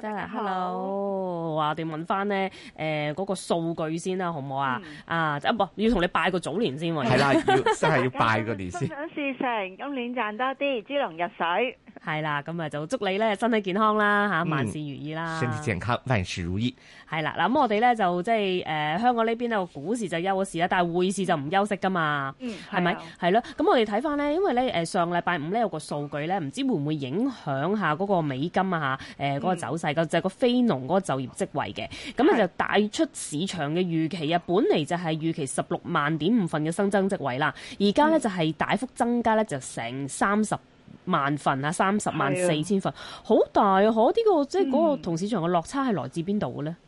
真係 hello，話我哋問翻咧，嗰、呃嗰個數據先啦，好唔好啊、嗯？啊，要同你拜個早年先喎、啊。係啦， 要真係要拜個年先。 心想事成，今年賺多啲，豬籠入水。係啦，咁啊就祝你咧身體健康啦吓，萬事如意啦、嗯。身體健康，萬事如意。係啦，咁我哋咧就即係誒、呃、香港呢邊咧個股市就休市啦，但係匯市就唔休息噶嘛，係、嗯、咪？係啦，咁我哋睇翻咧，因為咧誒上禮拜五咧有個數據咧，唔知會唔會影響下嗰個美金啊吓，誒、呃、嗰、那個走勢、嗯，就係、是、個非農嗰個就業職位嘅，咁啊就帶出市場嘅預期啊，本嚟就係預期十六萬點五份嘅新增職位啦，而家咧就係大幅增加咧，就成三十。萬份啊，三十萬四千份，好大啊！可，呢個即係嗰個同市場嘅落差係來自邊度嘅咧？嗯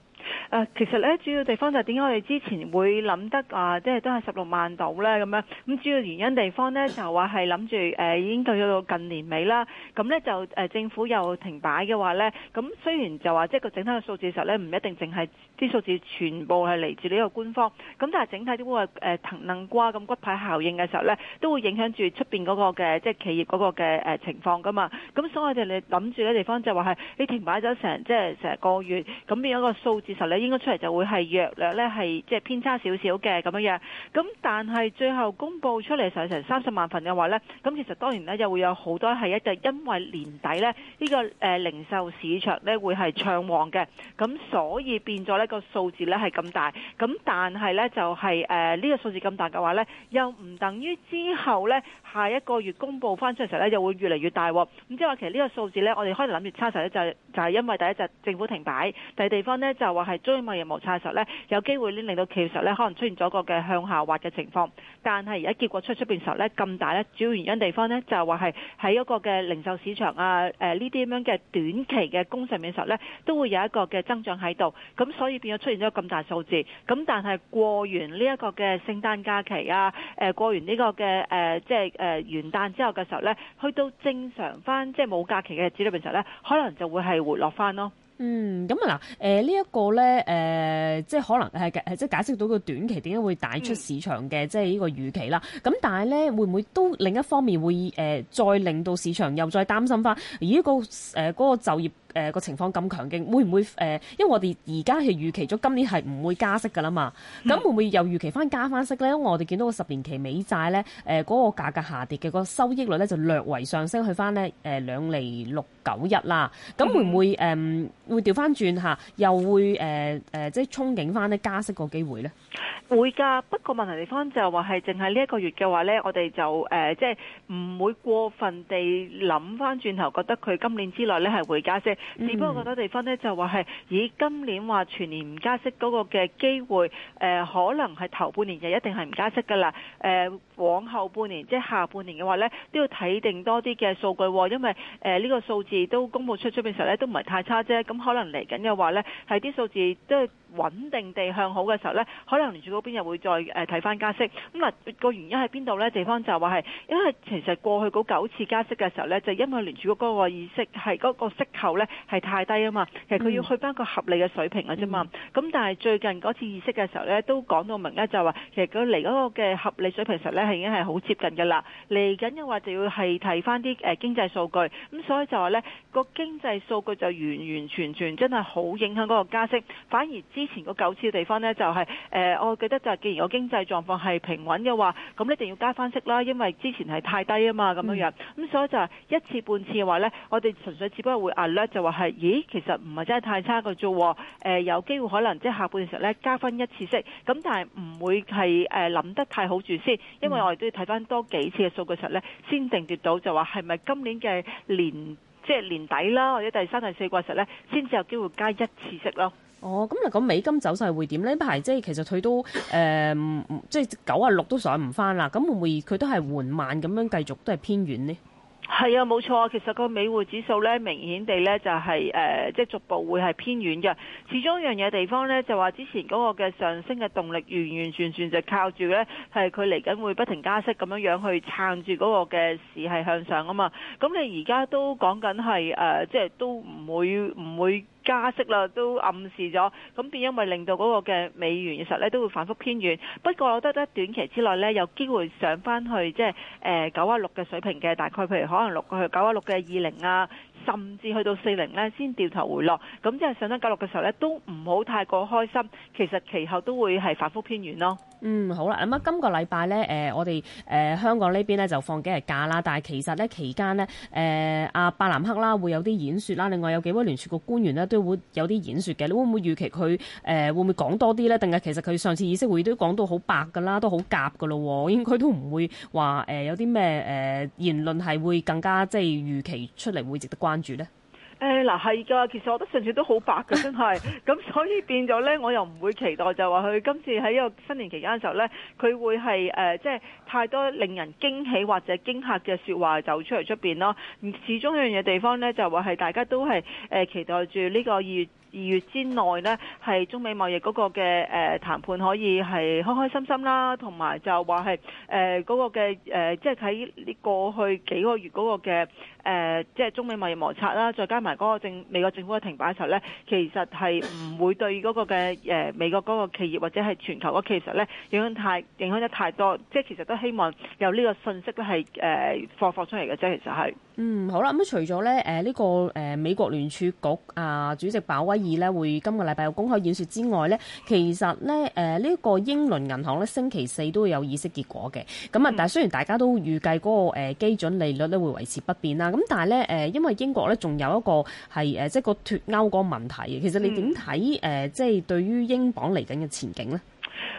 其實咧主要地方就係點解我哋之前會諗得啊，即係都係十六萬度咧咁樣。咁主要原因地方咧就話係諗住已經去到近年尾啦。咁咧就政府又停擺嘅話咧，咁雖然就話即係個整體嘅數字時候咧，唔一定淨係啲數字全部係嚟自呢個官方。咁但係整體啲咁係藤嫩瓜咁骨牌效應嘅時候咧，都會影響住出面嗰個嘅即係企業嗰個嘅情況噶嘛。咁所以我哋嚟諗住嘅地方就話係你停擺咗成即係成個月，咁變咗個數字時候。應該出嚟就會係約略咧，係即係偏差少少嘅咁樣樣。咁但係最後公佈出嚟時成三十萬份嘅話呢，咁其實當然呢，又會有好多係一就因為年底呢，呢個誒零售市場呢會係暢旺嘅，咁所以變咗呢個數字呢係咁大。咁但係呢，就係誒呢個數字咁大嘅話呢，又唔等於之後呢，下一個月公佈翻出嚟時候呢，又會越嚟越大。咁即係話其實呢個數字呢，我哋開頭諗住差實咧就係就係因為第一就政府停擺，第二地方呢，就話係。所以貿易摩擦嘅時候咧，有機會令到其實咧可能出現咗個嘅向下滑嘅情況。但係而家結果出出邊時候咧咁大咧，主要原因地方咧就係話係喺一個嘅零售市場啊，誒呢啲咁樣嘅短期嘅工上面嘅時候咧，都會有一個嘅增長喺度。咁所以變咗出現咗咁大數字。咁但係過完呢一個嘅聖誕假期啊，誒過完呢個嘅誒、呃、即係誒元旦之後嘅時候咧，去到正常翻即係冇假期嘅日子裏邊時候咧，可能就會係回落翻咯。嗯，咁啊嗱，呃呢個、呢一個咧，誒、呃、即係可能即係解釋到個短期點解會帶出市場嘅、嗯、即係呢個預期啦。咁但係咧，會唔會都另一方面會誒、呃、再令到市場又再擔心翻而呢個嗰、呃嗰個就業？誒、呃、個情況咁強勁，會唔會誒、呃？因為我哋而家係預期咗今年係唔會加息噶啦嘛，咁會唔會又預期翻加翻息咧？因為我哋見到個十年期美債咧，誒、呃、嗰、個價格下跌嘅，個收益率咧就略為上升去，去翻呢誒兩厘六九一啦。咁會唔會誒、呃、會調翻轉下，又會誒誒即係憧憬翻呢加息個機會咧？會㗎，不過問題地方就係話係淨係呢一個月嘅話咧，我哋就誒即係唔會過分地諗翻轉頭，覺得佢今年之內咧係會加息。Mm-hmm. 只不過好多地方呢就話係，以今年話全年唔加息嗰個嘅機會，誒、呃、可能係頭半年就一定係唔加息㗎啦。誒、呃、往後半年即係、就是、下半年嘅話呢，都要睇定多啲嘅數據，哦，因為誒呢、呃這個數字都公佈出出面時候呢，都唔係太差啫。咁可能嚟緊嘅話呢，係啲數字都。穩定地向好嘅時候呢，可能聯儲局嗰邊又會再誒睇翻加息咁啊個原因喺邊度呢？地方就係話係因為其實過去嗰九次加息嘅時候呢，就因為聯儲局嗰個意識係嗰個息口呢係太低啊嘛，其實佢要去翻個合理嘅水平啊，啫、嗯、嘛。咁但係最近嗰次意識嘅時候呢，都講到明呢，就話其實佢嚟嗰個嘅合理水平實呢係已經係好接近嘅啦。嚟緊嘅話就要係睇翻啲誒經濟數據咁，所以就話呢個經濟數據就完完全全真係好影響嗰個加息，反而。之前嗰九次嘅地方呢，就係、是、誒、呃，我記得就係，既然個經濟狀況係平穩嘅話，咁一定要加翻息啦，因為之前係太低啊嘛，咁樣樣咁、嗯，所以就一次半次嘅話呢，我哋純粹只不過會 alert 就話係，咦，其實唔係真係太差嘅啫，誒、呃、有機會可能即係下半時呢，加翻一次息，咁但係唔會係誒諗得太好住先，因為我哋都要睇翻多幾次嘅數據實呢，先定奪到就話係咪今年嘅年即係、就是、年底啦，或者第三第四季嘅時候呢，先至有機會加一次息咯。哦，咁嚟講美金走勢會點呢？呢排即係其實佢都誒，即係九啊六都上唔翻啦。咁會唔會佢都係緩慢咁樣繼續都係偏軟呢？係啊，冇錯，啊。其實個、呃啊、美匯指數咧，明顯地咧就係、是，誒、呃，即係逐步會係偏軟嘅。始終一樣嘢地方咧，就話之前嗰個嘅上升嘅動力完完全全就靠住咧係佢嚟緊會不停加息咁樣樣去撐住嗰個嘅市係向上啊嘛。咁你而家都講緊，係、呃、誒，即係都唔會唔會。加息啦，都暗示咗，咁變因為令到嗰個嘅美元其實咧都會反覆偏軟。不過我覺得短期之內咧有機會上翻去即係誒九啊六嘅水平嘅，大概譬如可能六個去九啊六嘅二零啊。甚至去到四零呢，先掉頭回落，咁即係上得較六嘅時候呢，都唔好太過開心。其實其後都會係反覆偏軟咯。嗯，好啦，咁啊，今個禮拜呢，誒，我哋誒香港呢邊呢，就放幾日假啦。但係其實呢期間呢，誒、呃，阿伯南克啦會有啲演説啦，另外有幾位聯儲局官員呢，都會有啲演説嘅。你會唔會預期佢誒、呃、會唔會講多啲呢？定係其實佢上次議息會議都講到好白㗎啦，都好夾㗎咯，應該都唔會話誒、呃、有啲咩誒言論係會更加即係預期出嚟會值得關注住咧？誒、呃，嗱，係噶，其實我覺得上次都好白噶，真係。咁 所以變咗咧，我又唔會期待就話佢今次喺呢個新年期間嘅時候咧，佢會係誒、呃，即係太多令人驚喜或者驚嚇嘅說話走出嚟出面咯。始終一樣嘢地方咧，就話係大家都係誒、呃，期待住呢個二月二月之內呢，係中美貿易嗰個嘅誒、呃、談判可以係開開心心啦，同埋就話係誒嗰個嘅誒、呃，即係喺呢過去幾個月嗰個嘅。誒、呃，即係中美貿易摩擦啦，再加埋嗰個政美國政府嘅停擺一齊咧，其實係唔會對嗰個嘅誒、呃、美國嗰個企業或者係全球嘅其實咧影響太影響得太多，即係其實都希望有呢個信息都係誒放放出嚟嘅啫。其實係嗯好啦，咁、嗯、除咗咧誒呢、這個誒美國聯儲局啊主席鮑威爾呢會今個禮拜有公開演説之外咧，其實咧誒呢、呃這個英倫銀行咧星期四都會有議息結果嘅，咁啊、嗯、但係雖然大家都預計嗰個基準利率咧會維持不變啦。咁但係咧，誒，因為英國咧仲有一個係誒，即係個脱歐個問題嘅。其實你點睇誒，即係對於英鎊嚟緊嘅前景咧？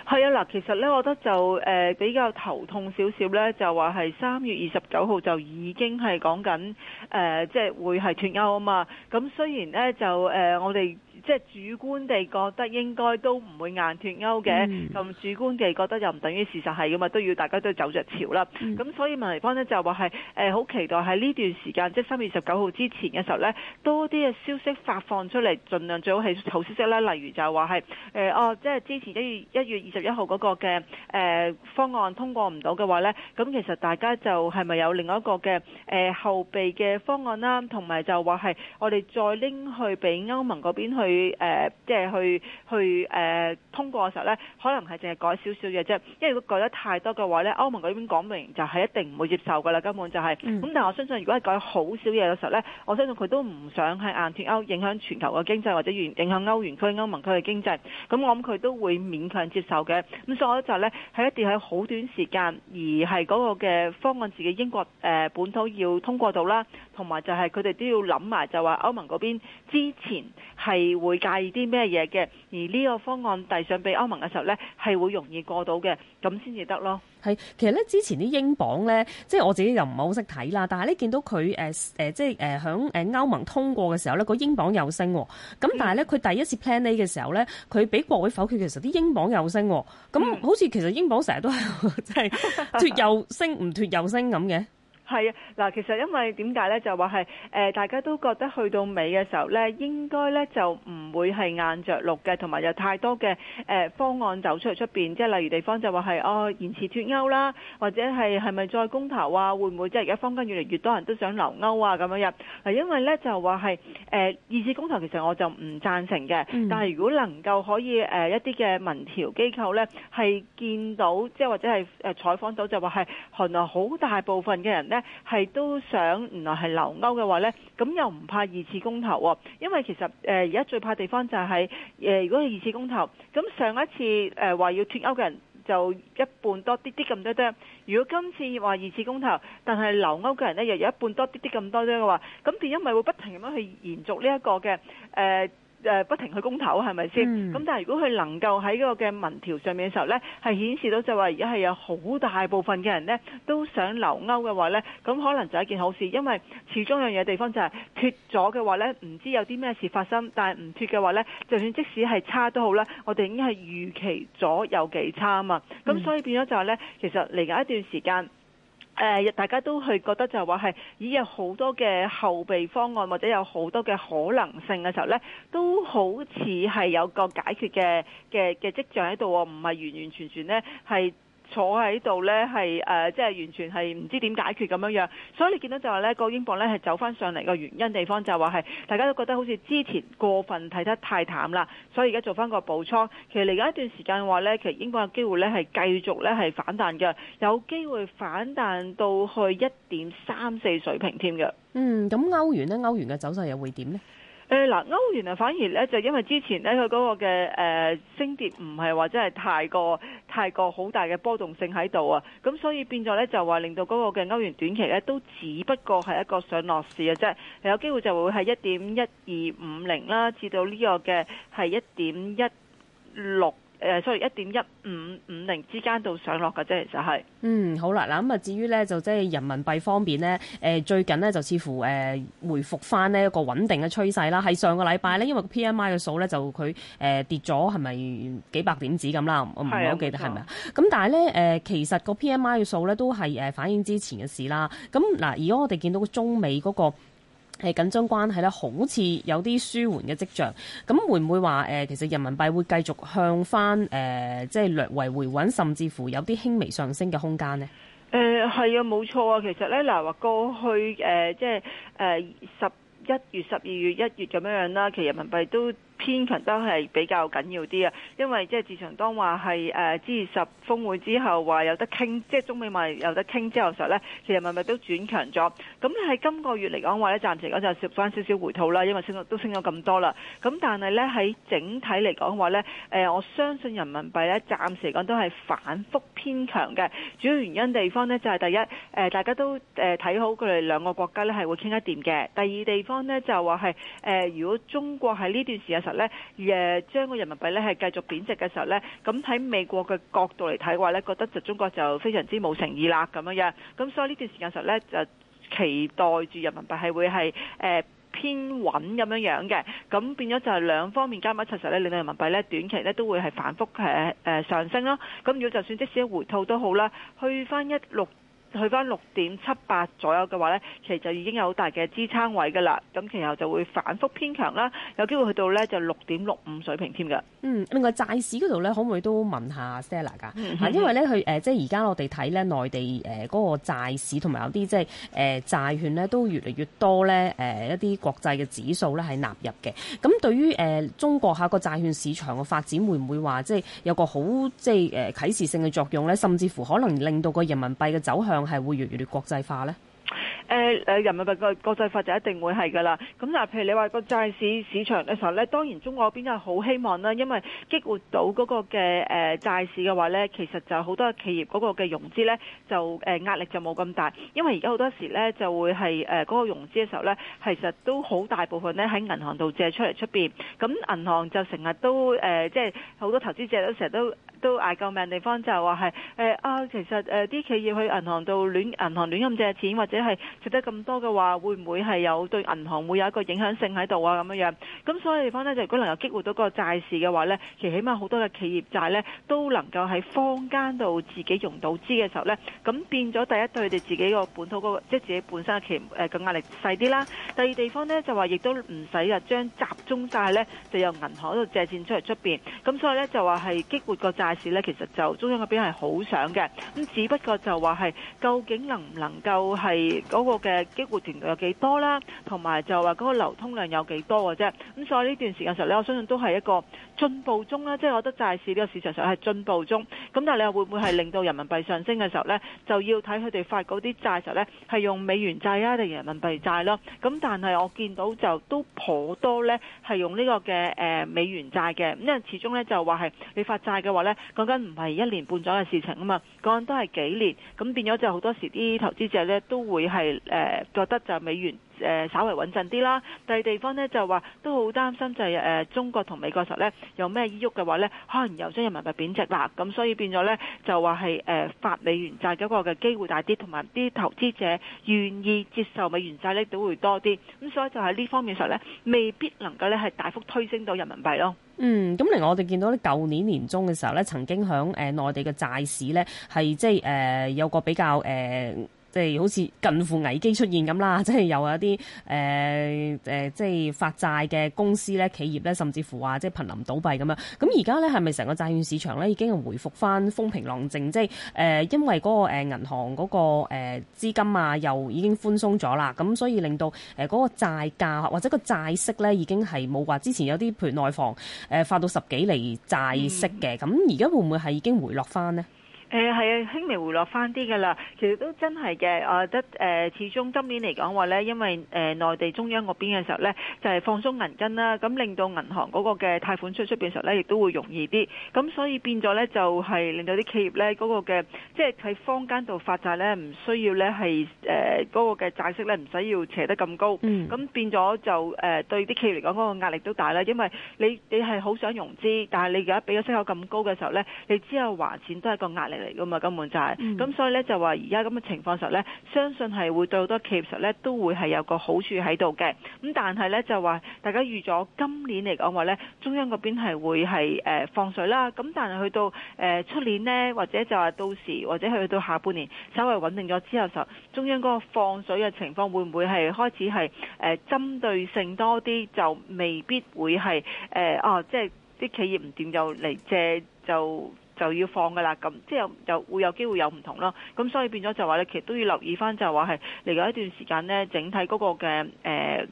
係、嗯、啊，嗱，其實咧，我覺得就誒比較頭痛少少咧，就話係三月二十九號就已經係講緊誒，即、就、係、是、會係脱歐啊嘛。咁雖然咧就誒，我哋即係主觀地覺得應該都唔會硬脫歐嘅，咁、嗯、主觀地覺得又唔等於事實係㗎嘛，都要大家都走着潮啦。咁、嗯、所以問題方呢，就話係好期待喺呢段時間，即係三月二十九號之前嘅時候呢，多啲嘅消息發放出嚟，盡量最好係好消息啦。例如就話係、呃、哦，即、就、係、是、之前一月一月二十一號嗰個嘅、呃、方案通過唔到嘅話呢，咁其實大家就係咪有另外一個嘅、呃、後備嘅方案啦？同埋就話係我哋再拎去俾歐盟嗰邊去。呃、即是去即係去去誒、呃、通過嘅時候咧，可能係淨係改少少嘢啫。因為如果改得太多嘅話咧，歐盟嗰邊講明就係一定唔會接受噶啦，根本就係、是。咁、嗯、但係我相信，如果係改好少嘢嘅時候咧，我相信佢都唔想係硬脱歐，影響全球嘅經濟或者影影響歐元區、歐盟區嘅經濟。咁我諗佢都會勉強接受嘅。咁所以我覺得就係一定喺好短時間，而係嗰個嘅方案自己英國誒、呃、本土要通過到啦，同埋就係佢哋都要諗埋就話歐盟嗰邊之前係會。會介意啲咩嘢嘅？而呢個方案遞上俾歐盟嘅時候咧，係會容易過到嘅，咁先至得咯。係，其實咧之前啲英鎊咧，即係我自己又唔係好識睇啦。但係咧，見到佢誒誒，即係誒響誒歐盟通過嘅時候咧，個英鎊又升。咁但係咧，佢第一次 plan A 嘅時候咧，佢俾國會否決嘅時候，其實啲英鎊又升。咁好似其實英鎊成日都係即係脫又升，唔脫又升咁嘅。係啊，嗱，其實因為點解咧？就話係誒，大家都覺得去到尾嘅時候咧，應該咧就唔會係硬着陸嘅，同埋有太多嘅誒、呃、方案走出嚟出邊，即係例如地方就話係哦延遲脱歐啦，或者係係咪再公投啊？會唔會即係而家坊間越嚟越多人都想留歐啊？咁樣樣嗱，因為咧就話係誒二次公投，其實我就唔贊成嘅、嗯。但係如果能夠可以誒、呃、一啲嘅民調機構咧，係見到即係或者係誒採訪到，就話係原來好大部分嘅人咧。係都想，原來係留歐嘅話呢，咁又唔怕二次公投，因為其實誒而家最怕地方就係、是、誒，如果係二次公投，咁上一次誒話要脱歐嘅人就一半多啲啲咁多啲，如果今次話二次公投，但係留歐嘅人呢又有一半多啲啲咁多啲嘅話，咁便因為會不停咁樣去延續呢一個嘅誒。呃誒、呃、不停去公投係咪先？咁、嗯、但係如果佢能夠喺個嘅民調上面嘅時候呢，係顯示到就話而家係有好大部分嘅人呢都想留歐嘅話呢，咁可能就係一件好事，因為始終有嘢地方就係脫咗嘅話呢，唔知有啲咩事發生，但係唔脫嘅話呢，就算即使係差都好啦，我哋已經係預期咗有幾差啊嘛，咁、嗯、所以變咗就係呢，其實嚟緊一段時間。誒，大家都去覺得就話係已有好多嘅後備方案，或者有好多嘅可能性嘅時候呢，都好似係有個解決嘅嘅嘅跡象喺度喎，唔係完完全全呢係。坐喺度呢係誒，即係完全係唔知點解決咁樣樣。所以你見到就話呢個英鎊呢係走翻上嚟嘅原因地方就係話係大家都覺得好似之前過分睇得太淡啦，所以而家做翻個補倉。其實嚟緊一段時間嘅話呢，其實英鎊嘅機會呢係繼續呢係反彈嘅，有機會反彈到去一點三四水平添嘅。嗯，咁歐元呢，歐元嘅走勢又會點呢？誒嗱歐元啊，反而咧就因為之前咧佢嗰個嘅誒、呃、升跌唔係話真係太過太過好大嘅波動性喺度啊，咁所以變咗咧就話令到嗰個嘅歐元短期咧都只不過係一個上落市嘅啫，係有機會就會係一點一二五零啦，至到呢個嘅係一點一六。誒，所以一點一五五零之間度上落嘅啫，其實係。嗯，好啦，嗱咁啊，至於咧就即係人民幣方面咧，誒最近咧就似乎誒回復翻呢一個穩定嘅趨勢啦。係上個禮拜咧，因為 P M I 嘅數咧就佢誒跌咗，係咪幾百點子咁啦？我唔係好記得係咪啊？咁但係咧誒，其實個 P M I 嘅數咧都係誒反映之前嘅事啦。咁嗱，而家我哋見到中美嗰、嗰個。係緊張關係咧，好似有啲舒緩嘅跡象，咁會唔會話誒，其實人民幣會繼續向返誒，即、呃、係、就是、略為回穩，甚至乎有啲輕微上升嘅空間呢？誒係啊，冇錯啊，其實咧嗱，話過去誒、呃，即係誒十一月、十二月、一月咁樣樣啦，其實人民幣都。偏強都係比較緊要啲啊，因為即係自從當話係誒 G 二十峰會之後，話有得傾，即係中美貿易有得傾之後時候呢，其實呢，人民幣都轉強咗。咁喺今個月嚟講話呢，暫時嚟講就蝕返少少回吐啦，因為升都升咗咁多啦。咁但係呢，喺整體嚟講話呢，誒我相信人民幣呢，暫時嚟講都係反覆偏強嘅。主要原因地方呢，就係第一誒大家都誒睇好佢哋兩個國家呢係會傾一掂嘅。第二地方呢，就話係誒如果中國喺呢段時間。咧，將個人民幣咧係繼續貶值嘅時候咧，咁喺美國嘅角度嚟睇嘅話咧，覺得就中國就非常之冇誠意啦咁樣樣。咁所以呢段時間時候咧就期待住人民幣係會係、呃、偏穩咁樣樣嘅。咁變咗就係兩方面加埋一齊，其實咧令到人民幣咧短期咧都會係反覆呃呃上升咯。咁如果就算即使一回吐都好啦，去翻一六。去翻六點七八左右嘅話咧，其實就已經有好大嘅支撐位㗎啦。咁然後就會反覆偏強啦，有機會去到咧就六點六五水平添㗎。嗯，另外債市嗰度咧，可唔可以都問下 Sena 噶？啊、嗯，因為咧佢誒即係而家我哋睇咧內地誒嗰個債市同埋有啲即係誒債券咧都越嚟越多咧誒一啲國際嘅指數咧係納入嘅。咁對於誒中國下個債券市場嘅發展會唔會話即係有個好即係誒啟示性嘅作用咧？甚至乎可能令到個人民幣嘅走向？仲係會越嚟越國際化咧？誒誒，人民幣嘅國際化就一定會係噶啦。咁嗱，譬如你話個債市市場嘅時候咧，當然中國嗰邊又好希望啦，因為激活到嗰個嘅誒債市嘅話咧，其實就好多企業嗰個嘅融資咧就誒壓力就冇咁大，因為而家好多時咧就會係誒嗰個融資嘅時候咧，其實都好大部分咧喺銀行度借出嚟出邊，咁銀行就成日都誒，即係好多投資者都成日都。都捱救命地方就係話係誒啊，其實誒啲企業去銀行度亂銀行亂咁借錢或者係值得咁多嘅話，會唔會係有對銀行會有一個影響性喺度啊咁樣樣？咁所以地方呢，就如果能夠激活到個債市嘅話呢，其實起碼好多嘅企業債呢，都能夠喺坊間度自己融到資嘅時候呢，咁變咗第一對佢哋自己個本土嗰即係自己本身嘅期誒嘅壓力細啲啦。第二地方呢，就話亦都唔使啊將集中債呢，就由銀行度借錢出嚟出邊。咁所以呢，就話係激活個債。債市咧，其實就中央嗰邊係好想嘅，咁只不過就話係究竟能唔能夠係嗰個嘅激活程度有幾多啦，同埋就話嗰個流通量有幾多嘅啫。咁所以呢段時間嘅時候咧，我相信都係一個進步中啦，即係我覺得債市呢個市場上係進步中。咁但係你會唔會係令到人民幣上升嘅時候咧，就要睇佢哋發嗰啲債嘅時候咧，係用美元債啊定人民幣債咯？咁但係我見到就都頗多咧係用呢個嘅誒美元債嘅，因為始終咧就話係你發債嘅話咧。講緊唔係一年半載嘅事情啊嘛，講緊都係幾年，咁變咗就好多時啲投資者咧都會係誒、呃、覺得就係美元。誒稍微穩陣啲啦，第二地方呢，就話都好擔心、就是，就係誒中國同美國的時候咧，有咩意喐嘅話呢，可能又將人民幣貶值啦，咁所以變咗呢，就話係誒發美元債嗰個嘅機會大啲，同埋啲投資者願意接受美元債呢，都會多啲，咁所以就喺呢方面上呢，未必能夠呢係大幅推升到人民幣咯。嗯，咁嚟我哋見到呢，舊年年中嘅時候呢，曾經喺誒、呃、內地嘅債市呢，係即係誒、呃、有個比較誒。呃即、就、係、是、好似近乎危機出現咁啦、就是呃呃，即係又有啲誒即係發債嘅公司咧、企業咧，甚至乎話即係瀕臨倒閉咁樣。咁而家咧，係咪成個債券市場咧已經係回復翻風平浪靜？即係誒，因為嗰個銀銀行嗰、那個資、呃、資金啊，又已經寬鬆咗啦，咁所以令到誒嗰個債價或者個債息咧，已經係冇話之前有啲譬如內內房誒、呃、發到十幾釐債息嘅，咁而家會唔會係已經回落翻呢？誒係啊，輕微回落翻啲嘅啦。其實都真係嘅，我覺得誒、呃、始終今年嚟講話咧，因為誒、呃、內地中央嗰邊嘅時候咧，就係、是、放鬆銀根啦，咁令到銀行嗰個嘅貸款出出邊嘅時候咧，亦都會容易啲。咁所以變咗咧、那個，就係令到啲企業咧嗰個嘅，即係喺坊間度發債咧，唔需要咧係誒嗰個嘅債息咧，唔使要扯得咁高。咁變咗就誒對啲企業嚟講嗰個壓力都大啦，因為你你係好想融資，但係你而家俾咗息口咁高嘅時候咧，你之後還錢都係個壓力。嚟噶嘛根本就係、是，咁、嗯、所以咧就話而家咁嘅情況時候咧，相信係會對好多企業實咧都會係有個好處喺度嘅。咁但係咧就話大家預咗今年嚟講話咧，中央嗰邊係會係、呃、放水啦。咁但係去到誒出、呃、年呢，或者就話到時，或者去到下半年稍微穩定咗之後時候，中央嗰個放水嘅情況會唔會係開始係誒、呃、針對性多啲，就未必會係誒、呃、哦，即係啲企業唔掂就嚟借就。就就要放嘅啦，咁即係又會有機會有唔同咯。咁所以變咗就話咧，其實都要留意翻，就話係嚟緊一段時間咧，整體嗰個嘅誒誒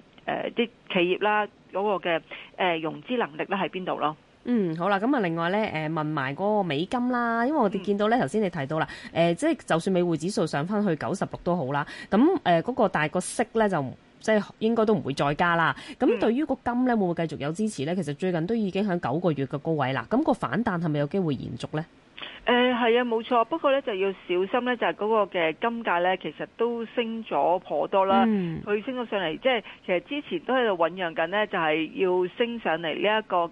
啲企業啦，嗰個嘅誒融資能力咧喺邊度咯？嗯，好啦，咁啊另外咧誒問埋嗰個美金啦，因為我哋見到咧頭先你提到啦，誒即係就算美匯指數上翻去九十六都好啦，咁誒嗰個大個息咧就。即係應該都唔會再加啦。咁對於個金呢，會唔會繼續有支持呢？其實最近都已經喺九個月嘅高位啦。咁個反彈係咪有機會延續呢？誒係啊，冇錯。不過咧就要小心咧，就係、是、嗰個嘅金價咧，其實都升咗頗多啦。佢、嗯、升咗上嚟，即係其實之前都喺度醞釀緊呢，就係、是、要升上嚟呢一個嘅誒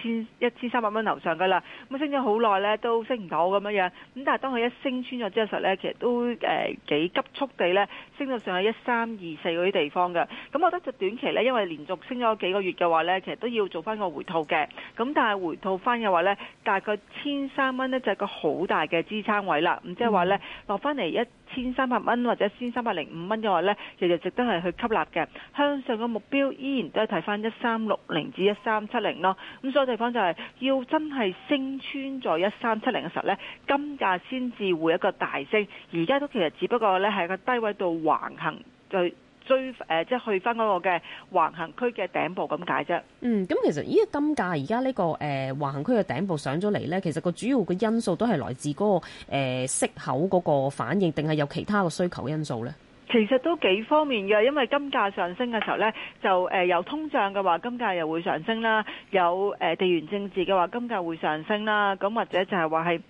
千一千三百蚊樓上噶啦。咁升咗好耐咧，都升唔到咁樣樣。咁但係當佢一升穿咗之後，實呢，咧其實都誒、呃、幾急速地咧升到上去一三二四嗰啲地方嘅。咁我覺得就短期咧，因為連續升咗幾個月嘅話咧，其實都要做翻個回吐嘅。咁但係回吐翻嘅話咧，大概千三蚊咧就，一個好大嘅支撐位啦，咁即係話呢，落翻嚟一千三百蚊或者一千三百零五蚊嘅話呢，其實值得係去吸納嘅。向上嘅目標依然都係睇翻一三六零至一三七零咯。咁所以地方就係要真係升穿咗一三七零嘅時候呢，金價先至會一個大升。而家都其實只不過呢係一個低位度橫行。最追誒、呃、即係去返嗰個嘅橫行區嘅頂部咁解啫。嗯，咁其實呢個金價而家呢個誒橫行區嘅頂部上咗嚟呢，其實個主要嘅因素都係來自嗰個誒息口嗰個反應，定係有其他嘅需求因素呢？其實都幾方面嘅，因為金價上升嘅時候呢，就誒有通脹嘅話，金價又會上升啦；有誒地緣政治嘅話，金價會上升啦。咁或者就係話係。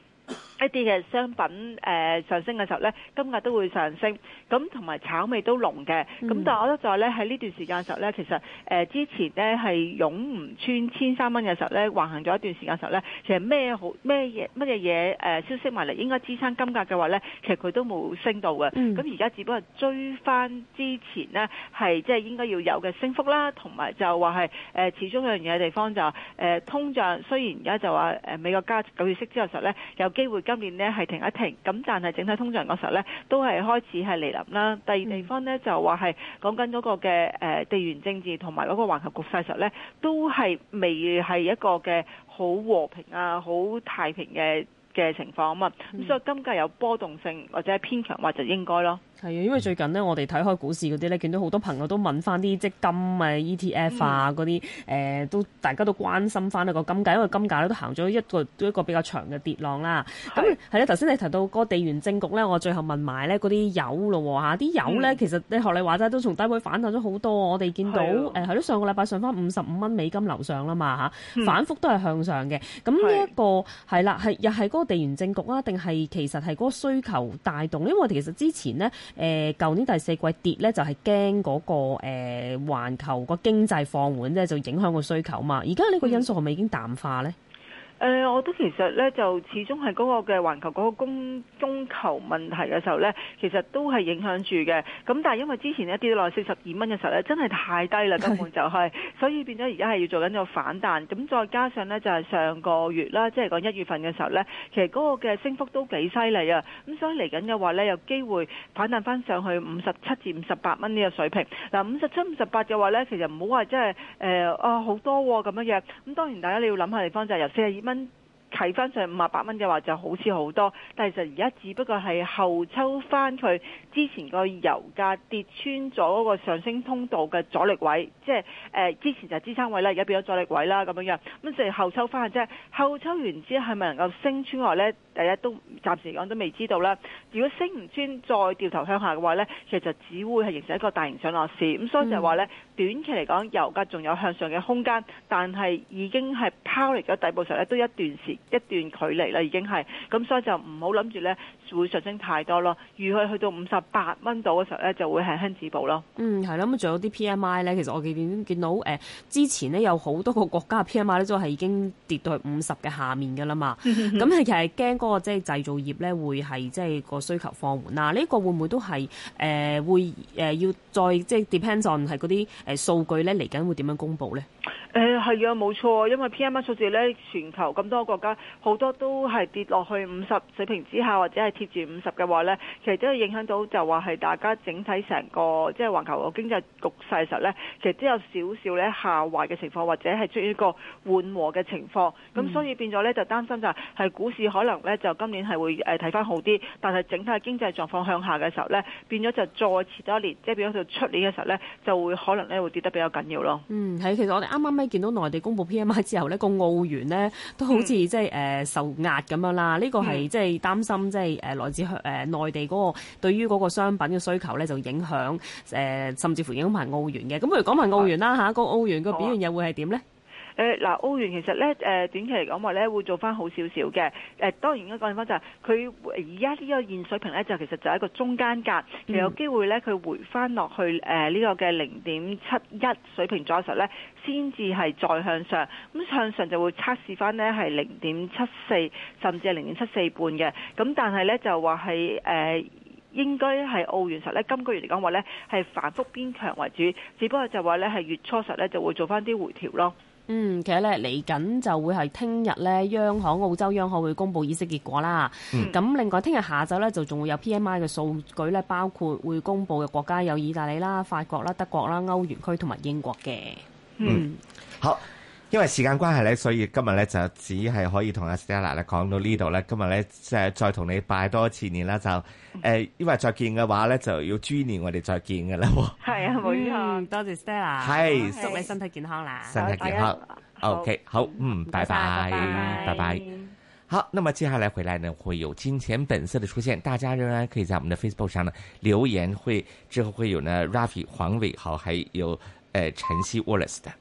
一啲嘅商品誒上升嘅時候咧，金價都會上升，咁同埋炒味都濃嘅。咁、mm. 但我覺得在咧喺呢段時間嘅時候咧，其實誒之前咧係湧唔穿千三蚊嘅時候咧，橫行咗一段時間嘅時候咧，其實咩好咩嘢乜嘢嘢誒消息埋嚟應該支撐金價嘅話咧，其實佢都冇升到嘅。咁而家只不過追翻之前呢，係即係應該要有嘅升幅啦，同埋就話係誒始終有樣嘢地方就誒通脹，雖然而家就話誒美國加九月息之後時候咧有機會今年呢，係停一停，咁但係整體通脹嗰時候呢，都係開始係嚟臨啦。第二地方呢，嗯、就話係講緊嗰個嘅誒地緣政治同埋嗰個環球局勢上呢，都係未係一個嘅好和平啊，好太平嘅。嘅情況啊嘛，咁、嗯、所以金價有波動性或者係偏強話就應該咯。係啊，因為最近呢，我哋睇開股市嗰啲咧，見到好多朋友都問翻啲基金啊、ETF 啊嗰啲，都、嗯呃、大家都關心翻呢個金價，因為金價都行咗一個都一個比較長嘅跌浪啦。咁係咧，頭先你提到個地緣政局咧，我最後問埋咧嗰啲油咯嚇，啲、啊、油咧、嗯、其實你學你話齋都從低位反彈咗好多，我哋見到誒係咯上個禮拜上翻五十五蚊美金樓上啦嘛、啊、反覆都係向上嘅。咁呢一個係啦，係又係嗰。地緣政局啊，定係其實係嗰個需求帶動？因為我哋其實之前呢，誒、呃，舊年第四季跌呢，就係驚嗰個誒呃、環球個經濟放緩咧，就影響個需求嘛。而家呢個因素係咪已經淡化呢？誒、呃，我都其實咧就始終係嗰個嘅環球嗰、嗰個供供求問題嘅時候咧，其實都係影響住嘅。咁但係因為之前一跌到嚟四十二蚊嘅時候咧，真係太低啦，根本就係、是，所以變咗而家係要做緊個反彈。咁再加上咧就係、是、上個月啦，即係講一月份嘅時候咧，其實嗰個嘅升幅都幾犀利啊。咁所以嚟緊嘅話咧，有機會反彈返上去五十七至五十八蚊呢個水平。嗱、呃，五十七、五十八嘅話咧，其實唔好話即係誒好多咁、啊、樣嘅。咁當然大家你要諗下地方就係由四十二蚊。啟翻上五啊八蚊嘅話，就好似好多，但係其實而家只不過係後抽翻佢之前個油價跌穿咗嗰個上升通道嘅阻力位，即係誒、呃、之前就係支撐位啦，而家變咗阻力位啦咁樣樣，咁就係後抽翻嘅啫，即係後抽完之係咪能夠升穿落咧？第一都暫時嚟講都未知道啦。如果升唔穿再掉頭向下嘅話咧，其實就只會係形成一個大型上落市。咁所以就係話咧，嗯、短期嚟講油價仲有向上嘅空間，但係已經係拋離咗底部時候咧，都一段時一段距離啦，已經係。咁所以就唔好諗住咧會上升太多咯。預去去到五十八蚊度嘅時候咧，就會係輕輕止步咯。嗯，係啦。咁仲有啲 P M I 咧，其實我見見到誒、呃、之前呢，有好多個國家嘅 P M I 咧都係已經跌到去五十嘅下面嘅啦嘛。咁、嗯、係其實係驚。嗰、那個即係製造業咧，會係即係個需求放緩嗱，呢個會唔會都係誒、呃、會誒、呃、要再即係 depend on 係嗰啲誒數據咧嚟緊會點樣公布呢？誒係啊，冇錯，因為 PMI 數字咧，全球咁多國家好多都係跌落去五十水平之下，或者係貼住五十嘅話咧，其實都係影響到就話係大家整體成個即係環球嘅經濟局勢實咧，其實都有少少咧下滑嘅情況，或者係出於一個緩和嘅情況。咁所以變咗咧，就擔心就係股市可能咧。就今年係會誒睇翻好啲，但係整體經濟狀況向下嘅時候咧，變咗就再遲多一年，即係變咗就出年嘅時候咧，就會可能咧會跌得比較緊要咯。嗯，係，其實我哋啱啱咧見到內地公布 PMI 之後呢，個澳元咧都好似即係誒受壓咁樣啦。呢個係即係擔心即係誒來自誒內地嗰個對於嗰個商品嘅需求咧，就影響誒甚至乎影響埋澳元嘅。咁不如講埋澳元啦嚇，個澳元個表現又會係點咧？誒、呃、嗱，澳元其實咧，誒、呃、短期嚟講話咧會做翻好少少嘅。誒、呃、當然應該講翻就係佢而家呢個現水平咧，就其實就係一個中間價，嗯、其實有機會咧佢回翻落去誒呢、呃這個嘅零點七一水平左右嘅時候咧，先至係再向上。咁、嗯、向上，上就會測試翻呢係零點七四，甚至係零點七四半嘅。咁但係咧就話係誒應該係澳元時候咧今個月嚟講話咧係反覆偏強為主，只不過就話咧係月初時候咧就會做翻啲回調咯。嗯，其實咧嚟緊就會係聽日咧，央行澳洲央行會公布議息結果啦。咁、嗯、另外聽日下晝咧就仲會有 PMI 嘅數據咧，包括會公布嘅國家有意大利啦、法國啦、德國啦、歐元區同埋英國嘅。嗯，好。因為時間關係咧，所以今日咧就只係可以同阿 Stella 咧講到呢度咧。今日咧即係再同你拜多次年啦，就誒、呃，因為再見嘅話咧就要豬年我哋再見嘅啦。係、嗯、 啊，冇錯，多謝 Stella，係祝你身體健康啦，身體健康。好好 OK，好，嗯、okay,，拜、okay, 拜，拜、um, 拜，好，那麼接下來回來呢，會有金錢本色的出現，大家仍然可以在我們的 Facebook 上呢留言會，會之後會有呢 Raffi 黃偉豪，還有誒、呃、陳熙 Wallace 的。